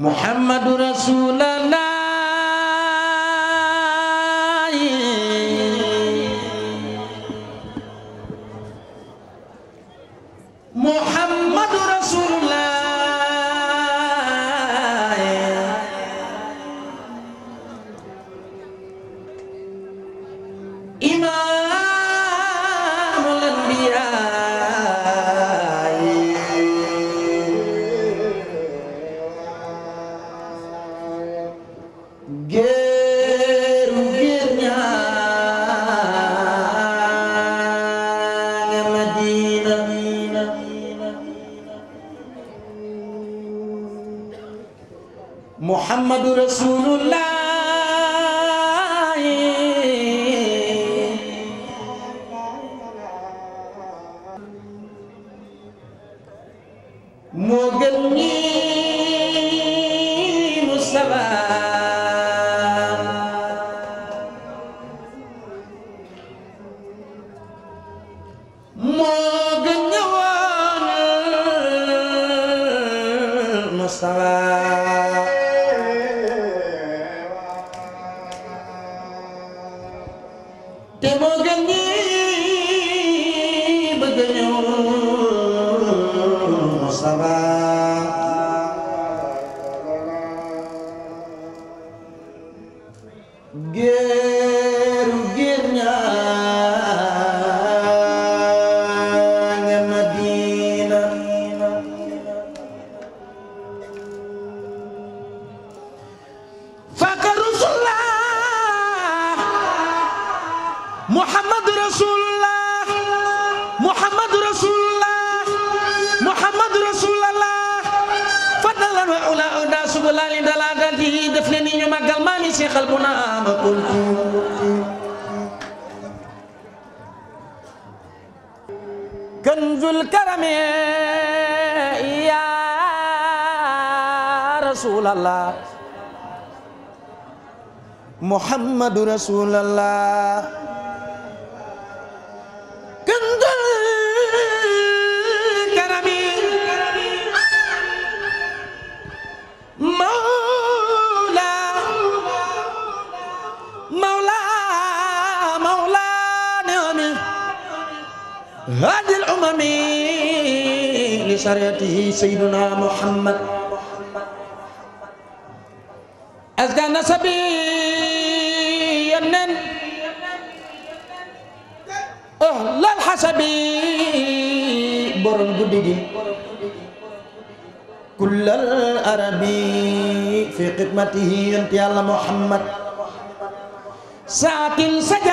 Muhammadu Rasulallah محمد رسول الله كنت الكرمي مولا مولا مولا نعمي هذه الأمم لشريعته سيدنا محمد أزكى نسبي xasabi borom guddi gi kullal arabi fi xidmatihi yonent yàlla Muhammad saatil saja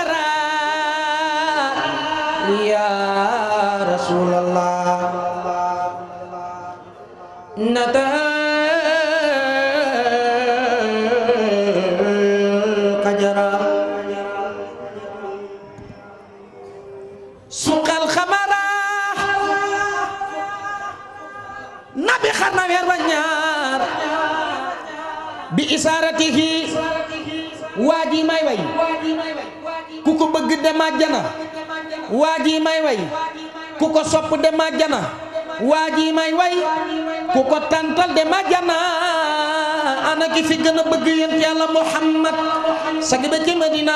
dem may way ku ko sopp dem àjjana waa may way ku ko tàntal dem àjjana ana ki fi gën a bëgg yéen yàlla muhammad sag ba ci madina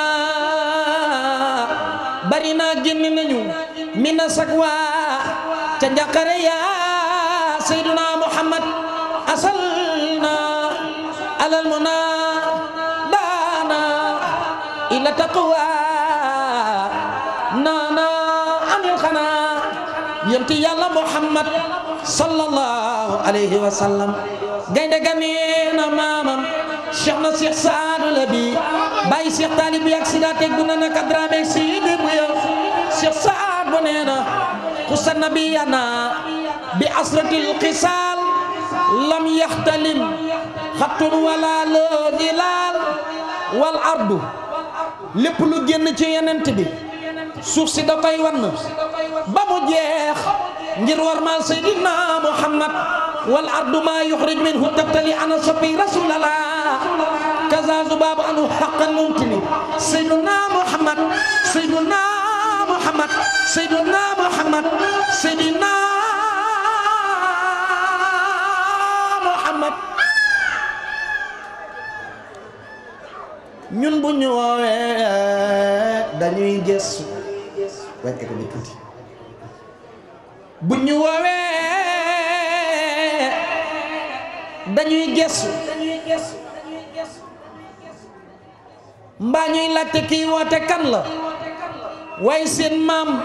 bari naa génn sag waa ca njàqare yaa sayduna muhammad asal na alal muna daana ila taqwa yonent yàlla muhammad sallallahu alayhi wa sallam gaynde gameena maamam cheikh na cheikh saadu la bi bàyyi cheikh taalib yak si daa teg duna na kadraame si dëbb ya cheikh saad bu neena xusa nabiyana bi asratil xisaal lam yaxtalim xattun wala lëzilaal wal ardu lépp lu génn ci yonent bi suuf si da koy wann ba mu jeex ngir warmaal sayyidina muhammad wal ardu ma yuxrij minhu tabtali ana sabi rasulallah kaza zubaabu anu xaqan mumtini sayyidina muhammad sayyidina muhammad sayyidina muhammad sayyidina muhammad ñun bu ñu woowee dañuy gëstu bu ñu woowee dañuy gesu mbaa ñuy laajte kii woote kan la waaye seen maam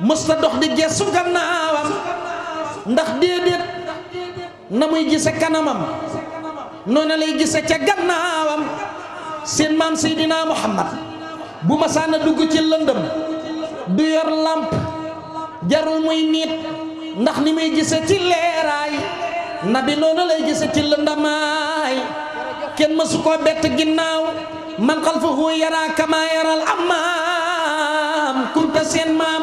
mësta dox di gesu gannaawam ndax déedéet na muy gise kanamam noonu lay gise ca gannaawam seen maam Seydina Muhammad bu masaan a dugg ci lëndëm du yor làmp jarul muy niit ndax ni muy gise ci leeraay nabi lay gise ci lëndamaay kenn mësu ko bett ginnaaw man xalfahu yaraa kamaa yaral amaam kunta seen maam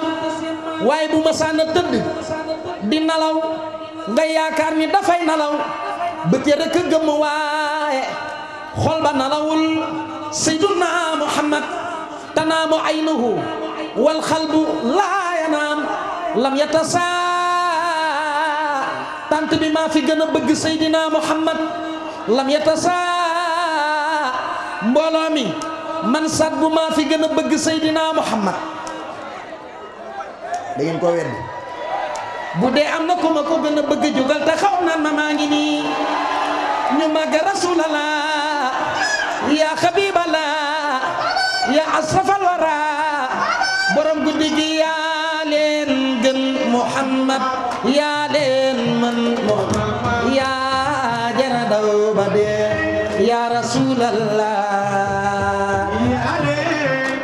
waaye bu masaan a tëdd di nalaw nga yaakaar ni dafay nalaw bët ya rek gëmm waaye xol ba nalawul sayyiduna muhammad tanaamu aynuhu wal xalbu laa yanaam lam yatasaa tant bi maa fi gën a bëgg Seydina Muhammad lam yatasaa mbooloo mi man sat bu maa fi gën a bëgg Seydina Muhammad da ngeen koo wedd bu dee am na ku ma ko gën a bëgg jógal te xaw naan ma maa ngi nii ñu màgg rasulallah yaa xabiballah safal wara borom guddi gi yaa leen gën Muhammad yaa leen man Muhammad yaa jara daw ba dee yaa rasulallah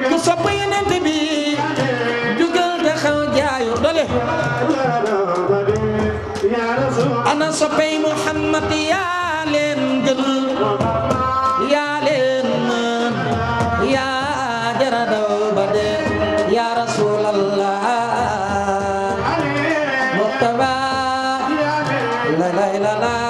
ku sopp yonent bi jugal te xaw jaayu dole ana soppay Muhammad la la la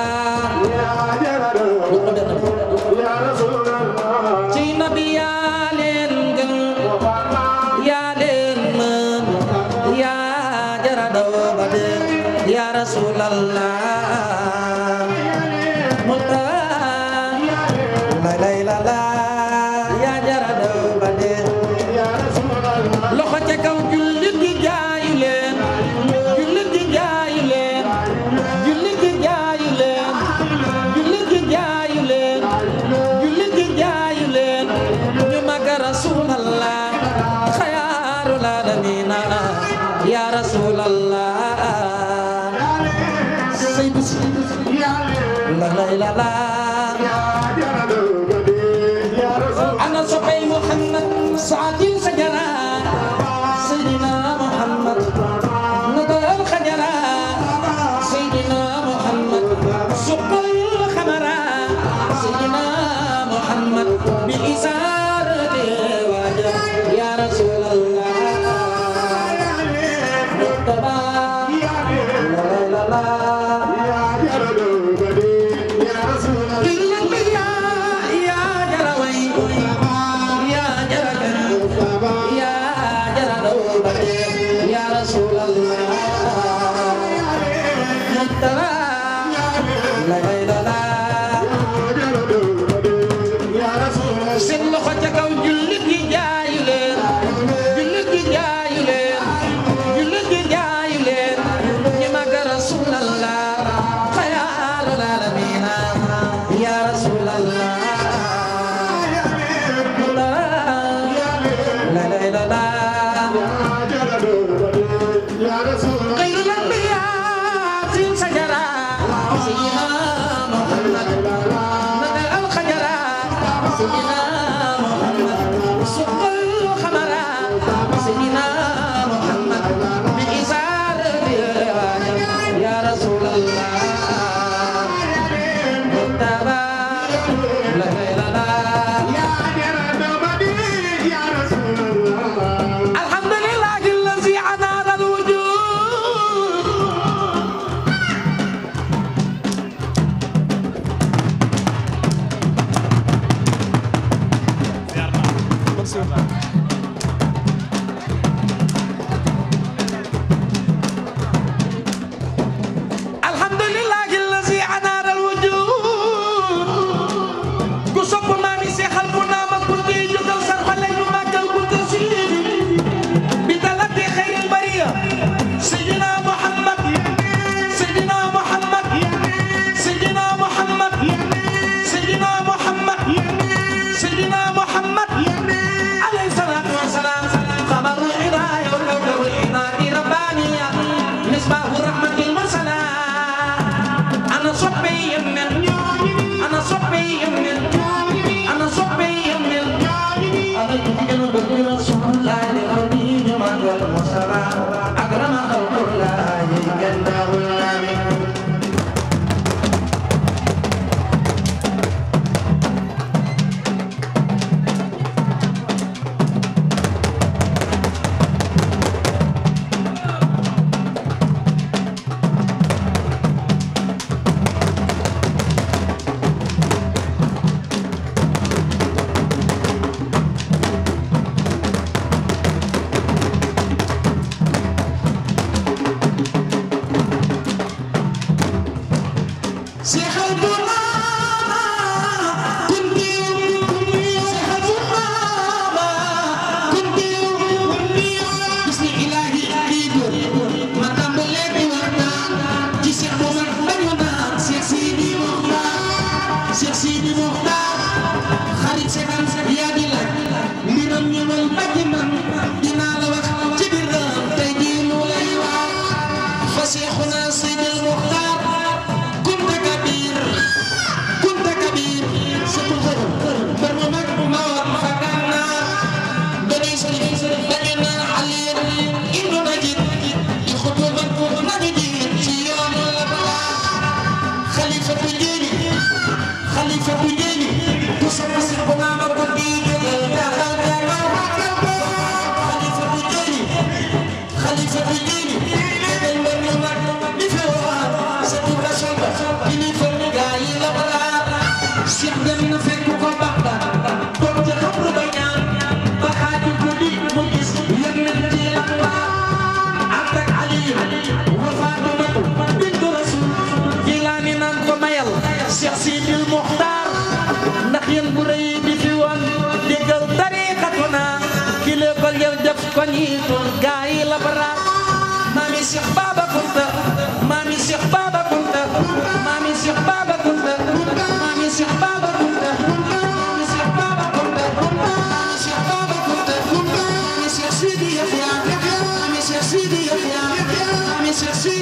viens, viens, viens me chercher.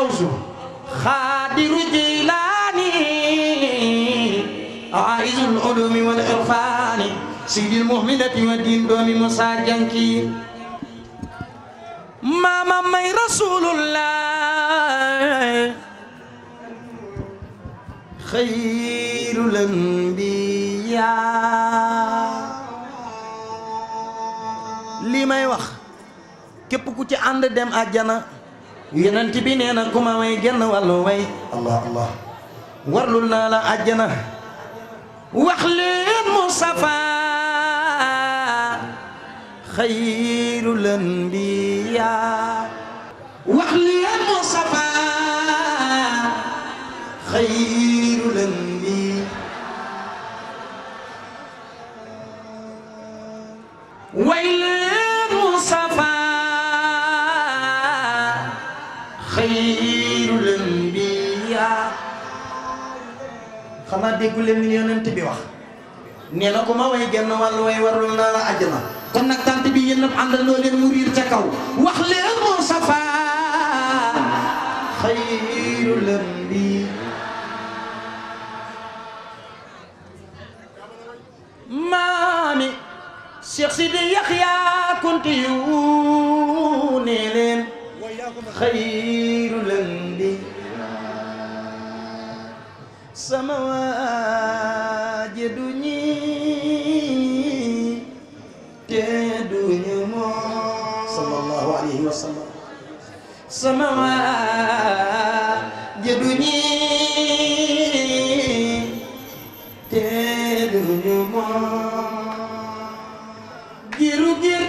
الغوث خادر جيلاني عائز العلوم والعرفان سيد المهملة والدين دوم موسى جنكي ماما مي رسول الله خير الانبياء li may wax képp ku ci ànd dem àjjana yenent bi nee na ku ma way genn wàllu way allah allah warlul naa la àjjana wax leen Mustafa xayrul anbiya wax leen Mustafa xayrul anbiya way xanaa déggu leen ni yonent bi wax nee na ko ma way genn wàllu way warul naa la àjjana kon nag tant bi yéen ñëpp àndandoo leen mu riir ca kaw wax leen moo safa xayrul anbi maami Cheikh Sidi Yaxya Kunti yu nee leen xayrul anbi sama waaje du ñii te duñu moom sallallahu alayhi wa sallam sama waaje du ñii te duñu moom giru giru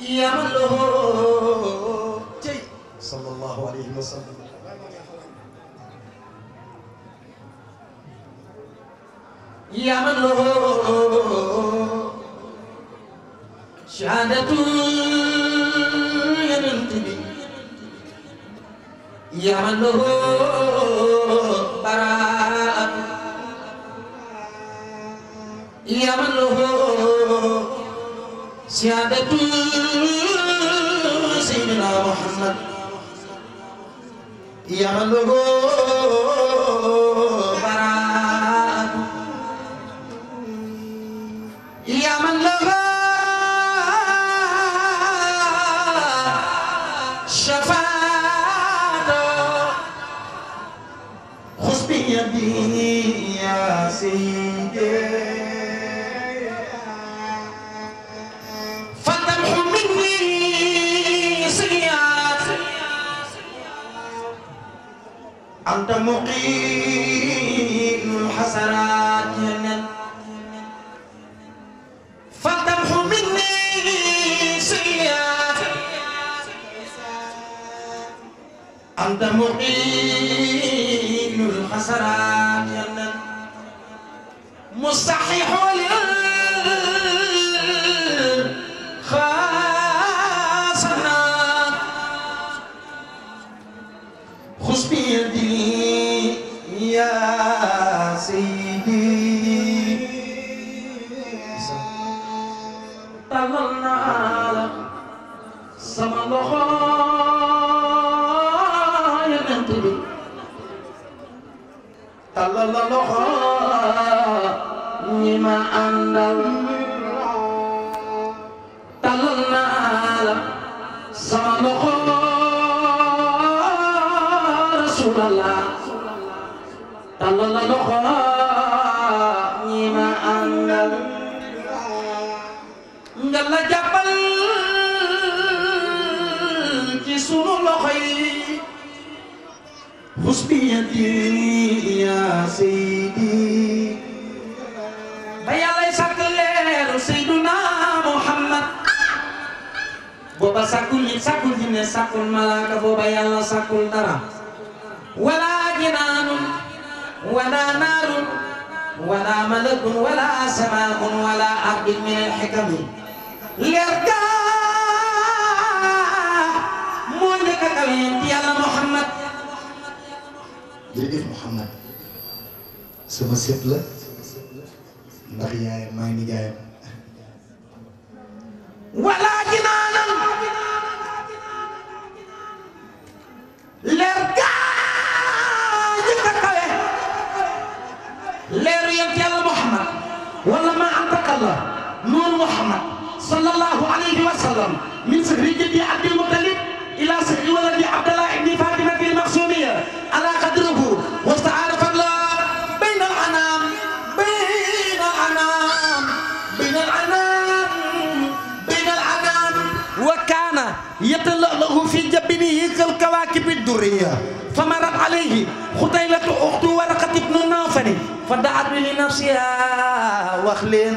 يمله جي صلى الله عليه وسلم يمله شهادة ينتبه يمله siyaadatu Seydina Muhammad yamalugo baraatu yamalugo shafaatu xusbi yabi ya Seydina مقيم الحسرات فلتمح مني سيئات أنت مقيم الحسرات مستحيح لي sàkkul jinne sàkkul malaaka booba yàlla sàkkul dara walaa jinaanun walaa naarun walaa malakun walaa samaaun walaa ardun min alxikami leer gaa moo njëkk a kawe yàlla Muhammad jërëjëf Muhammad sama sët la ndax yaayam maa ngi jaayam wala leer gaa jëkk a kawe leeru yent yàlla muhammad wala ma antakalla nuur muhammad sallallahu alayhi wa sallam min sihri jiddi abdil mutalib ila sihri waladi abdallah ibni fatimati almaqsumiya ala qadrihi wastaara fadla bayn al anam bayn al anam bayn al anam bayn al anam wa kaana yatalahu fi سوريا فمرت عليه خطيلة أخت ورقة بن نافر فدعت لنفسها وخل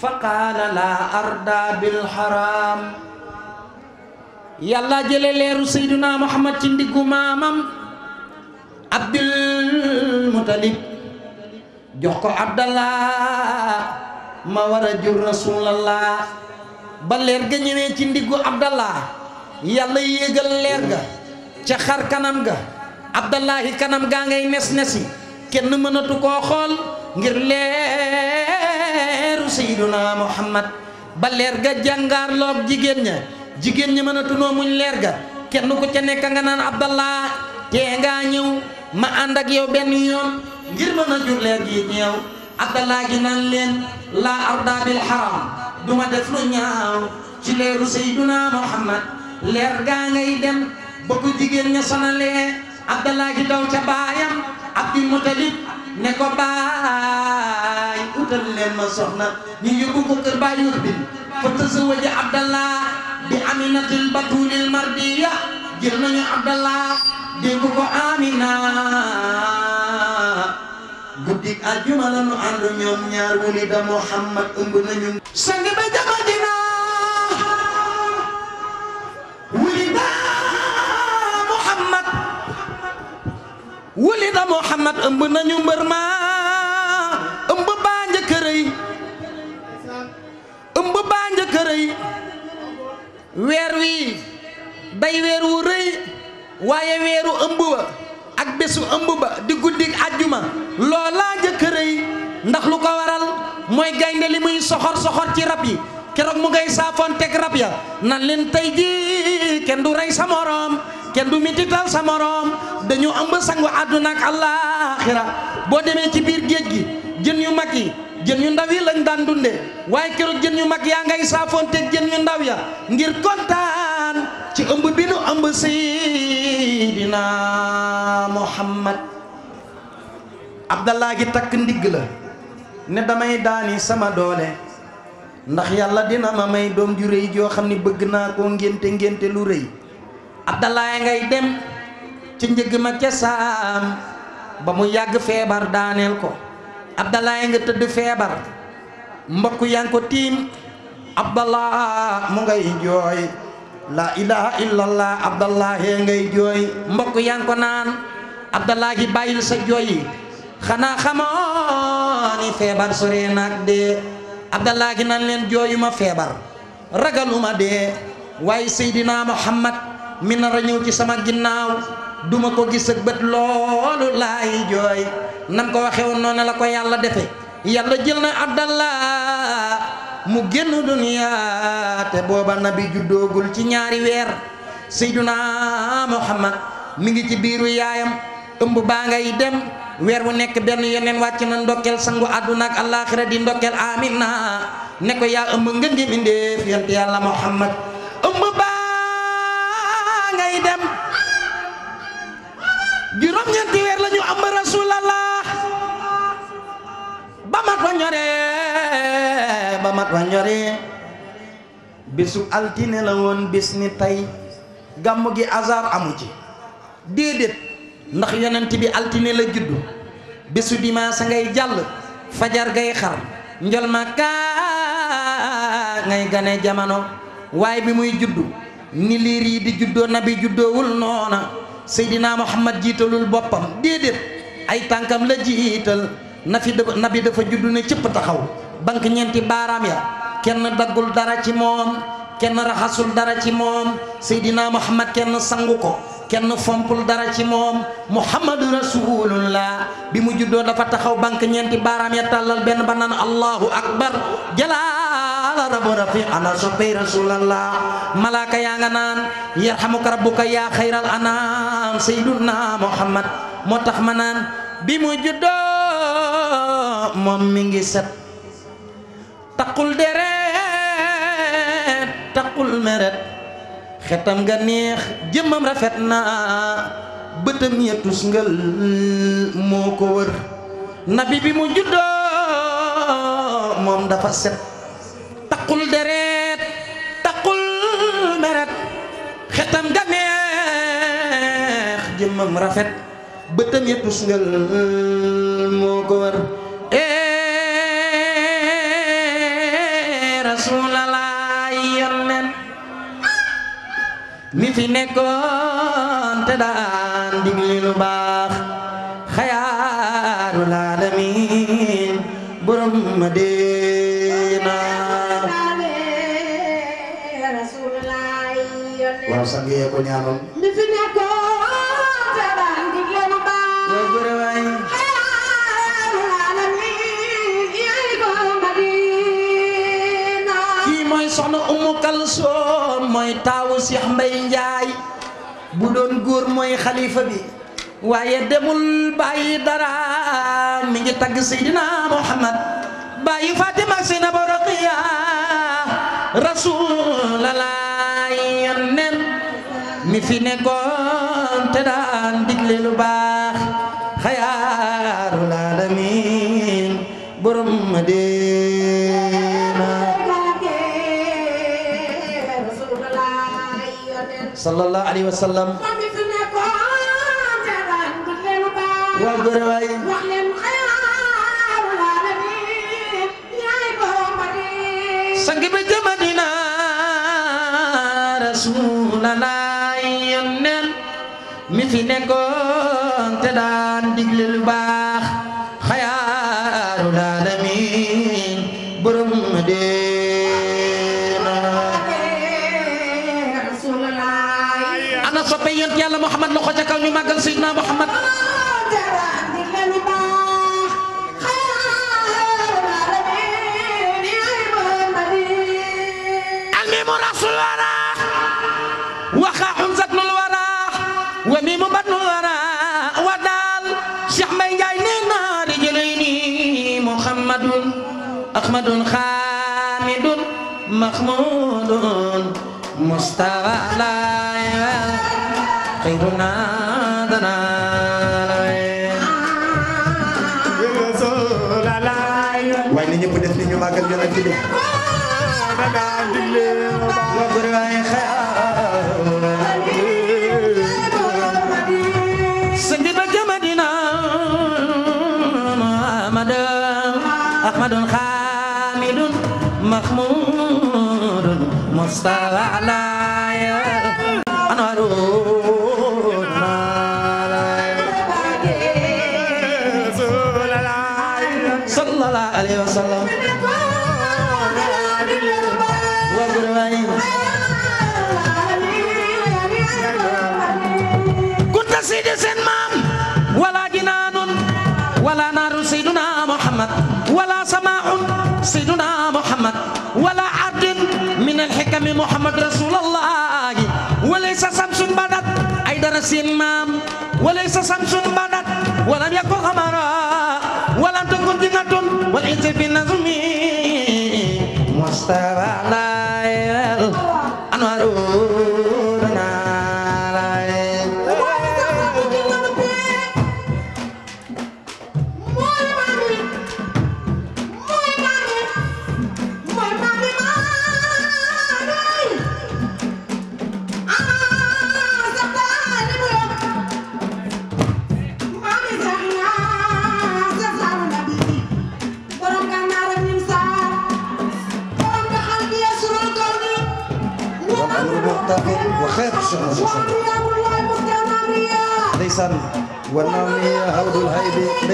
فقال لا أرضى بالحرام يلا جل ليرو سيدنا محمد تندق مامم عبد المطلب جوكو عبد الله ما ورا جور رسول الله ba leer ga ñëwee ci ndiggu abdallah yàlla yéegal leer ga ca xar kanam ga abdallahi kanam gaa ngay nes nesi kenn mënatu koo xool ngir leeru sayyiduna muhammad ba leer ga jàngaar loog jigéen ña jigéen ñi mënatunoo muñ leer ga kenn ku ca nekk nga naan abdallah tee ngaa ñëw ma ànd ak yow benn yoon ngir mën a jur leer gi ñëw abdallah gi naan leen la aw bil haram duma def lu ñaaw ci leeru sayyiduna muhammad leer gaa ngay dem ba ko jigéen ña sonalee Abdallahi daw ca baayam Abdul Mutalib ne ko baay utal leen ma soxna ñu yóbbu ko kër baay Nurbin fa tazawaja Abdallah bi Aminatil Batulil Mardiya jël nañu Abdallah dégg ko Amina guddi àjjuma la ñu ànd ñoom ñaar wuli da Muhammad ëmb nañu wuli da Muhammad ëmb nañu mbër ma ëmb baa njëkk rëy ëmb baa njëkk rëy weer wi day weer wu rëy waaye weeru ëmb wa ak bésu ëmb ba di guddik àjjuma loolaa njëkk rëy ndax lu ko waral mooy gaynde li muy soxor soxor ci rab yi keroog mu ngay saafoon teg rab ya nan leen tey ji kenn du rey sa moroom kenn du mitital sa morom dañu ëmb sangu àdduna ak àllaaxira boo demee ci biir géej gi jën yu mag yi jën yu ndaw yi lañ daan dunde waaye keroog jën yu mag yaa ngay saafoonteeg jën yu ndaw ya ngir kontaan ci ëmb bi nu ëmb Seydina Muhammad Abdallah gi takk ndigg la ne damay daani sama doole ndax yàlla dina ma may doom ju rëy joo xam ne bëgg naa koo ngénte ngénte lu rëy abdallah ngay dem ci njëg ma ca saam ba mu yàgg feebar daaneel ko abdallah nga tëdd feebar mbokk yan ko tiim abdallah mu ngay jooy la ilaha illallah abdallah ngay jooy mbokk yan ko naan abdallah gi bàyyil sa jooy yi xanaa xamoo ni feebar sore naag dee abdallah gi nan leen jooyuma feebar ragaluma dee waaye seydina muhammad mi nar a ñëw ci sama ginnaaw duma ko gis ak bët loolu laay jooy nam ko waxee woon noonu la ko yàlla defe yàlla jël na abdallah mu génn duniya te booba nabi juddoogul ci ñaari weer seyduna muhammad mu ngi ci biiru yaayam ëmb baa ngay dem weer wu nekk benn yeneen wàcc na ndokkeel sangu àdduna ak alaaxira di ndokkeel amina ne ko yaa ëmb ngën ngi mindéef yonent yàlla muhammad ëmb ngay dem juróom-ñeenti weer lañu am rasulallah ba mat wa ñoree ba mat wa ñoree bisu altine la woon bés ni tey gàmm gi asar amu ci déedéet ndax yonent bi altine la juddu bésu dimanche ngay jàll fajar gay xar njol ma kaa ngay gane jamono waaye bi muy juddu ni liir yi di juddoo nabi juddoowul noona seydinaa muhammad jiitalul boppam déedéet ay tànkam la jiital na fi dafa nabi dafa juddu ne cëpp taxaw bank ñeenti baaraam ya kenn daggul dara ci moom kenn raxasul dara ci moom seydinaa muhammad kenn sangu ko kenn fompul dara ci moom muhammadu rasulullah bi mu juddoo dafa taxaw banque ñeenti baaraam ya tàllal benn ba naan allahu akbar jala qala rabbu rafi ana soppey rasulallah malaaka yaa nga naan yarhamuka rabbuka yaa xayral anam sayyiduna muhammad moo tax ma naan bi mu juddoo moom mi ngi set taqul deret taqul meret xetam nga neex jëmmam rafet na bëtam ya tusngal moo ko wër nabi bi mu juddoo moom dafa set taqul deret taqul meret xetam ga neex jëmmam rafet bëtam ya tusngal moo ko war ee rasulalaa yonnen mi fi nekkoon te daan digli lu baax xayaarul alamin borom ma dee gee ko ñaanoon mi fi nekkoon tabaan di leen baax yow góor waay kii mooy soxna Umu Kalsoom mooy taawu Seex Mbay Njaay bu doon góor mooy xalifa bi waaye demul bàyyi dara mi ngi tagg Seydina Muhammad bàyyi Fatima ak Seynaba Roqiya ñi fi nekkoon te daan digle lu baax xayaarul alamin borom Madina sallallahu alayhi wa sallam waaw góor waay sangi ba jamadina rasulana ay yónneen mi fi nekkoon te daan digle lu baax xayaarul alamin borom Madina ana soppe yont yàlla Muhammad loxo ca kaw ñu màggal Seydina Muhammad محمود مصطفى لا خيرنا دنا waaye na ñëpp def ni ñu màggal yonent bi Citizen seen maam walaysa samsun badat walam yakun qamara walam takun jannatun wal insu fi nazmi mustawa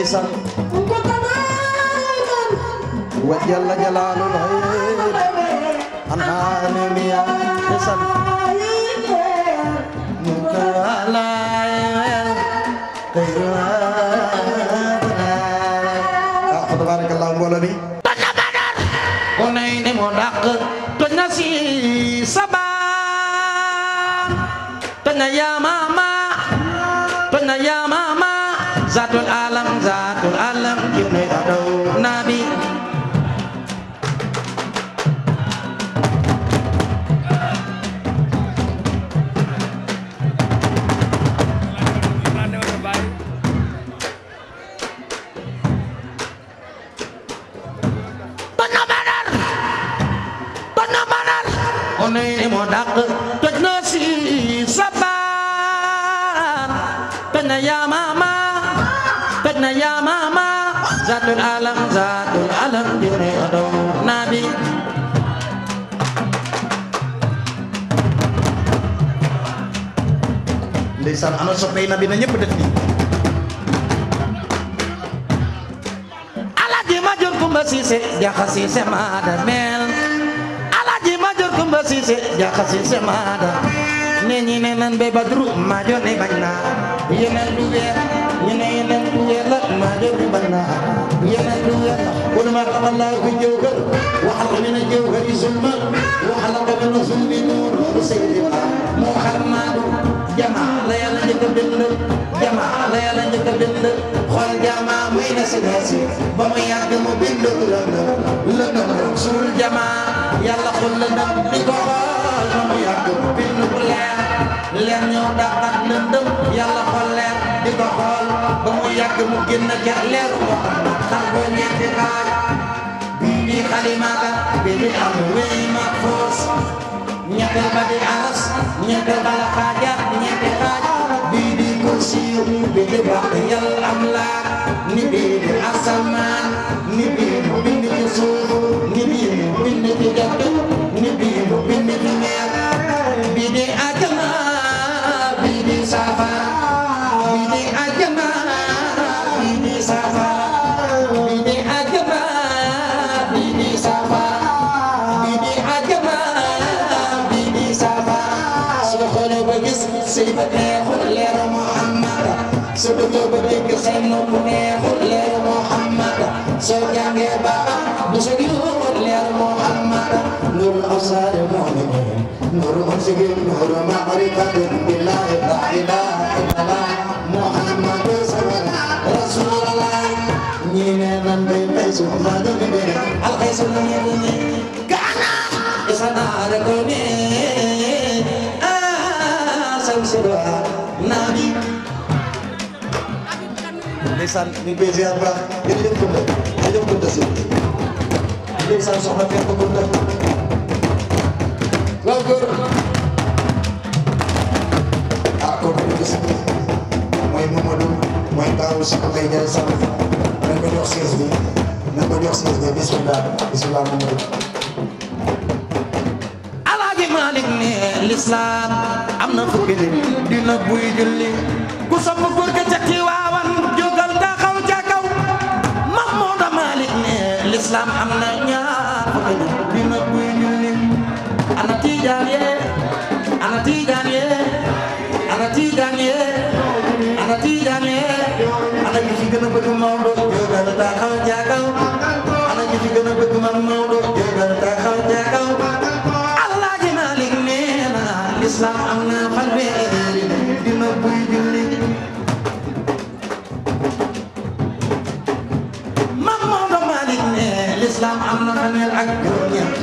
ndeysaan wa jalla jalaalul hayr an alamiya ndeysaan mu ko alaay tey ah tabarakallah mbooloo mi ko nay ne moo dàq toj na si sabaan toj na yaa maama toj na yaa maama zaatul zadul alam zadul alam di odo nabi ndeysaan ana soppey nabi na ñëpp def ni alaji ma jor kumba siise jaxa ma jor kumba siise jaxa siise maada ne ne bañ na yeneen du weer ñeela maa déglu ba naa ñeelal lu wér wala maa xamal naa fi jëwgal waxal ko mi a jëwgal yi sulma waxal ko mi ne sulmi nuur Seydina moo xar naa du jamaa la yàlla a bind jamaa la yàlla njëkk a bind xool jamaa muy na si si ba mu yàgg mu bind lëndëm lëndëm suul jamaa yàlla xul lëndëm di ko xool ba mu yàgg bind bu leer leer ñëw dàqat lëndëm yàlla xool leer. di ko xool ba mu yàgg mu génn ca leeru ko sax ba ñetti xaaj di xalimaaka bi di am wéy ma di ba la xaaja ñetti xaaj bii di kursi bi di baax yal am laa ni bii di asamaan ni bii mu bind ci mu bind ni bii mu bind di ajama bii di safaan ba neexul leeru Muhammad soo bëggee ba dégg say nopp neexul leeru Muhammad soo jàngee ba am du sa gisul leeru Muhammad nuru absaar mu'minin nuru unsigin nuru ma'rifatin billahi la ilaha illallah Muhammad rasulullah ñii ne nan day may su ma dëgg alxay sa nañu ne gaana isa naa rekk ne Abdoulaye Nabi. ndeysaan ñu ngi koy ziar bu baax jërëjëf Kounda jërëjëf Kounda si. ndeysaan soxna Ferte Kounda. waaw góor. ah kooku ñu ngi si mooy Mamadou mooy Baou si ko koy jëlee sànq. nañ ko jox siis bi nañ ko jox siis bi bisimilah bisimilah Mamadou. alaaji Malick ne l'islam am na fukki nit dina buy julli ku sopp góor ga ca Tiwaawan jógal taxaw ca kaw Maam Maodo Malick ne lislaam am na ñaar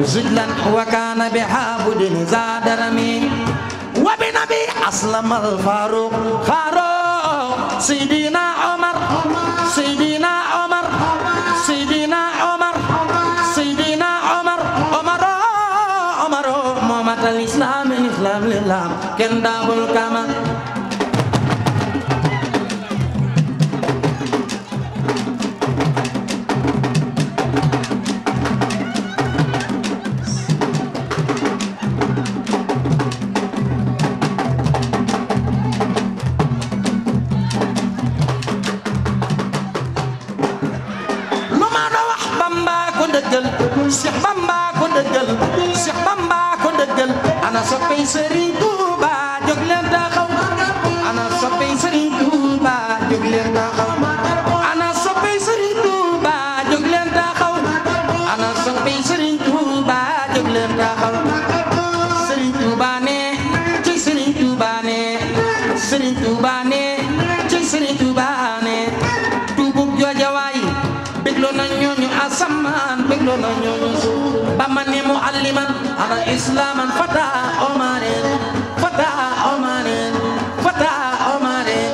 جدلا وكان بحابد زاد رمي وبنبي أسلم الفاروق فاروق سيدنا عمر سيدنا عمر سيدنا عمر سيدنا عمر عمر عمر مات الإسلام الإسلام لله كنداب الكمال bégloo na ñooñu asamaan bégloo na ñooñu ba ma ne mu alliman ala islaman fata omanen fata omanen fata omanen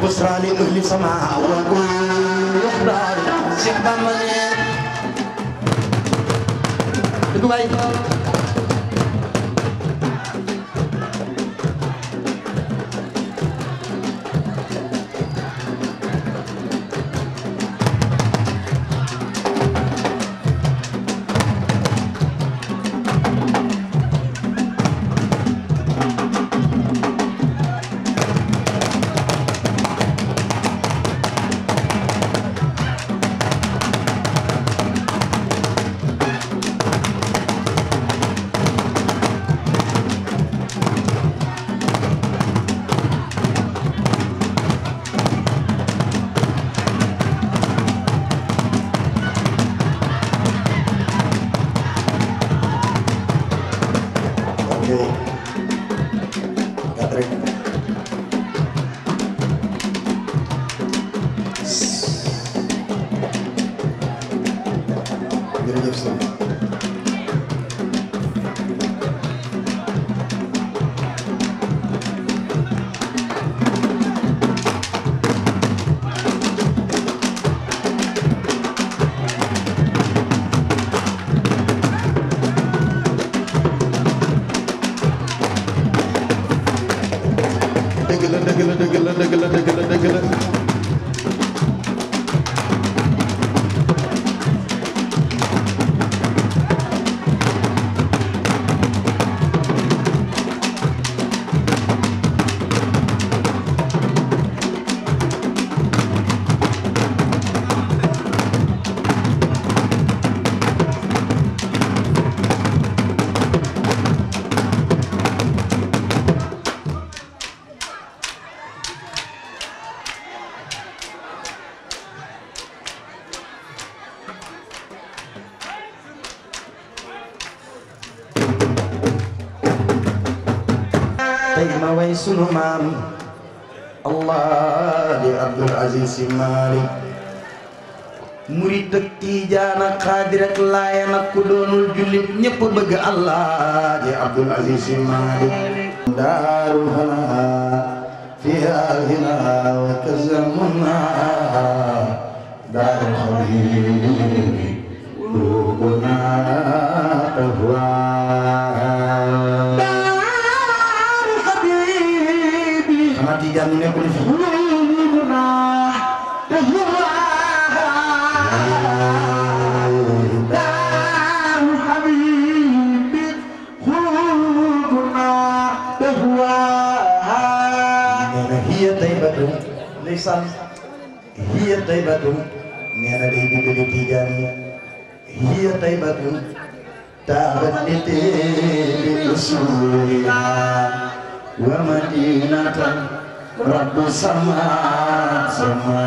busrani ahli sama wa yuhdar Cheikh Bamba ne dëgg la si Maalik murit ak tiijaan ak xaadir ak laayeen ak ku doonul jullit ñépp bëgg Allah ji Abdul Aziz si Maalik daarul fanaa fiihaa ginaa wa tazamunaa daarul xabiib قلوبنا أهواها دار حبيبي ما تيجي من يقول taybatun nee na day digali tijaani hiya taybatun taabat li tibi usuliha wa madinatan rabbu sama sama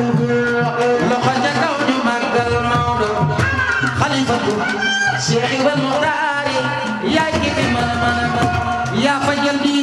loxo ja kaw ñu màggal Maodo xalifatu Cheikh Ibn Mokhtar yaa ngi fi mën a mën a mën yaa fajal bi